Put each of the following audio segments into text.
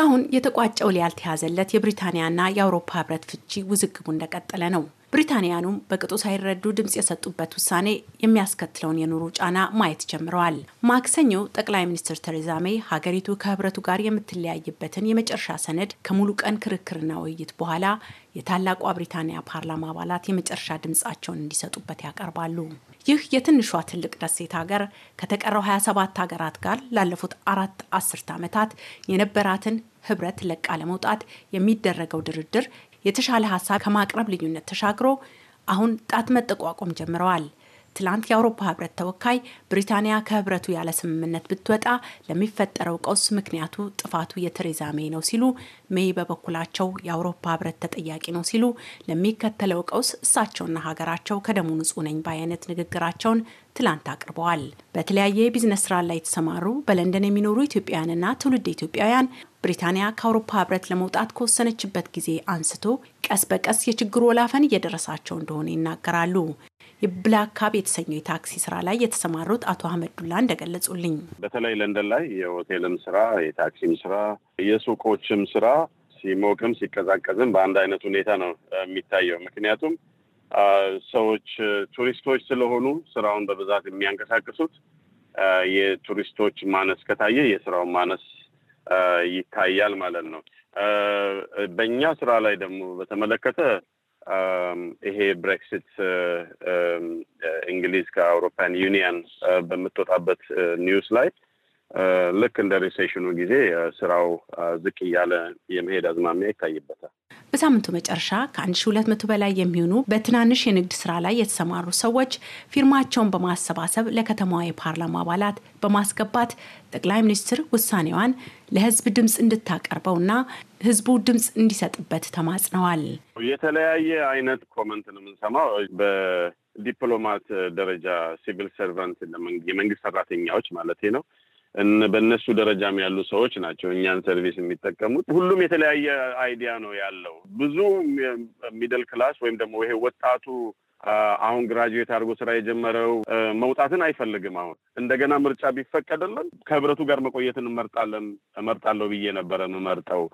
እስካሁን የተቋጨው ሊያል ተያዘለት የብሪታንያና የአውሮፓ ህብረት ፍቺ ውዝግቡ እንደቀጠለ ነው። ብሪታንያኑም በቅጡ ሳይረዱ ድምፅ የሰጡበት ውሳኔ የሚያስከትለውን የኑሮ ጫና ማየት ጀምረዋል። ማክሰኞ ጠቅላይ ሚኒስትር ቴሬዛ ሜይ ሀገሪቱ ከህብረቱ ጋር የምትለያይበትን የመጨረሻ ሰነድ ከሙሉ ቀን ክርክርና ውይይት በኋላ የታላቋ ብሪታንያ ፓርላማ አባላት የመጨረሻ ድምፃቸውን እንዲሰጡበት ያቀርባሉ። ይህ የትንሿ ትልቅ ደሴት ሀገር ከተቀረው 27 ሀገራት ጋር ላለፉት አራት አስርት ዓመታት የነበራትን ህብረት ለቃ ለመውጣት የሚደረገው ድርድር የተሻለ ሀሳብ ከማቅረብ ልዩነት ተሻግሮ አሁን ጣት መጠቋቆም ጀምረዋል። ትላንት የአውሮፓ ህብረት ተወካይ ብሪታንያ ከህብረቱ ያለ ስምምነት ብትወጣ ለሚፈጠረው ቀውስ ምክንያቱ ጥፋቱ የቴሬዛ ሜይ ነው ሲሉ፣ ሜይ በበኩላቸው የአውሮፓ ህብረት ተጠያቂ ነው ሲሉ፣ ለሚከተለው ቀውስ እሳቸውና ሀገራቸው ከደሙ ንጹህ ነኝ ባይነት ንግግራቸውን ትላንት አቅርበዋል። በተለያየ የቢዝነስ ስራ ላይ የተሰማሩ በለንደን የሚኖሩ ኢትዮጵያውያንና ትውልድ ኢትዮጵያውያን ብሪታንያ ከአውሮፓ ህብረት ለመውጣት ከወሰነችበት ጊዜ አንስቶ ቀስ በቀስ የችግሩ ወላፈን እየደረሳቸው እንደሆነ ይናገራሉ። የብላካብ የተሰኘው የታክሲ ስራ ላይ የተሰማሩት አቶ አህመድ ዱላ እንደገለጹልኝ በተለይ ለንደን ላይ የሆቴልም ስራ፣ የታክሲም ስራ፣ የሱቆችም ስራ ሲሞቅም ሲቀዛቀዝም በአንድ አይነት ሁኔታ ነው የሚታየው። ምክንያቱም ሰዎች ቱሪስቶች ስለሆኑ ስራውን በብዛት የሚያንቀሳቅሱት የቱሪስቶች ማነስ ከታየ የስራው ማነስ ይታያል ማለት ነው። በእኛ ስራ ላይ ደግሞ በተመለከተ Um, ይሄ ብሬክሲት uh, um, uh, እንግሊዝ ከአውሮፓን ዩኒየን uh, በምትወጣበት ኒውስ ላይ ልክ እንደ ሪሴሽኑ ጊዜ ስራው ዝቅ እያለ የመሄድ አዝማሚያ ይታይበታል። በሳምንቱ መጨረሻ ከ1200 በላይ የሚሆኑ በትናንሽ የንግድ ስራ ላይ የተሰማሩ ሰዎች ፊርማቸውን በማሰባሰብ ለከተማዋ የፓርላማ አባላት በማስገባት ጠቅላይ ሚኒስትር ውሳኔዋን ለህዝብ ድምፅ እንድታቀርበውና ህዝቡ ድምፅ እንዲሰጥበት ተማጽነዋል። የተለያየ አይነት ኮመንት ነው የምንሰማው በዲፕሎማት ደረጃ ሲቪል ሰርቫንት የመንግስት ሰራተኛዎች ማለት ነው በእነሱ ደረጃም ያሉ ሰዎች ናቸው እኛን ሰርቪስ የሚጠቀሙት። ሁሉም የተለያየ አይዲያ ነው ያለው። ብዙ ሚድል ክላስ ወይም ደግሞ ይሄ ወጣቱ አሁን ግራጁዌት አድርጎ ስራ የጀመረው መውጣትን አይፈልግም። አሁን እንደገና ምርጫ ቢፈቀድልን ከህብረቱ ጋር መቆየትን እንመርጣለን እመርጣለሁ ብዬ ነበረ የምመርጠው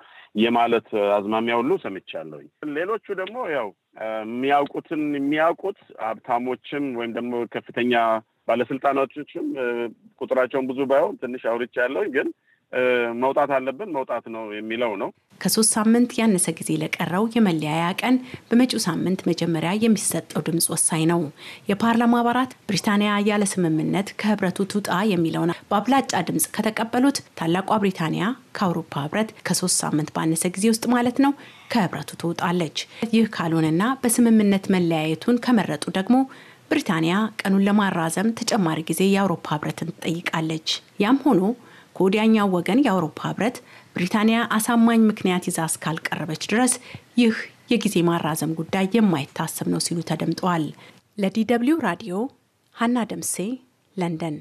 የማለት አዝማሚያ ሁሉ ሰምቻለሁኝ። ሌሎቹ ደግሞ ያው የሚያውቁትን የሚያውቁት ሀብታሞችም ወይም ደግሞ ከፍተኛ ባለስልጣናቶችም ቁጥራቸውን ብዙ ባይሆን ትንሽ አውርቻ ያለውኝ ግን መውጣት አለብን መውጣት ነው የሚለው ነው። ከሶስት ሳምንት ያነሰ ጊዜ ለቀረው የመለያያ ቀን በመጪው ሳምንት መጀመሪያ የሚሰጠው ድምፅ ወሳኝ ነው። የፓርላማ አባላት ብሪታንያ ያለ ስምምነት ከህብረቱ ትውጣ የሚለውን በአብላጫ ድምፅ ከተቀበሉት ታላቋ ብሪታንያ ከአውሮፓ ህብረት ከሶስት ሳምንት ባነሰ ጊዜ ውስጥ ማለት ነው ከህብረቱ ትውጣለች። ይህ ካልሆነና በስምምነት መለያየቱን ከመረጡ ደግሞ ብሪታንያ ቀኑን ለማራዘም ተጨማሪ ጊዜ የአውሮፓ ህብረትን ትጠይቃለች። ያም ሆኖ ከወዲያኛው ወገን የአውሮፓ ህብረት ብሪታንያ አሳማኝ ምክንያት ይዛ እስካልቀረበች ድረስ ይህ የጊዜ ማራዘም ጉዳይ የማይታሰብ ነው ሲሉ ተደምጠዋል። ለዲ ደብልዩ ራዲዮ ሀና ደምሴ ለንደን